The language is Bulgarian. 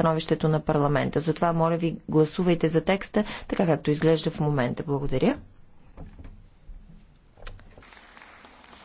становището на парламента. Затова, моля ви, гласувайте за текста, така както изглежда в момента. Благодаря.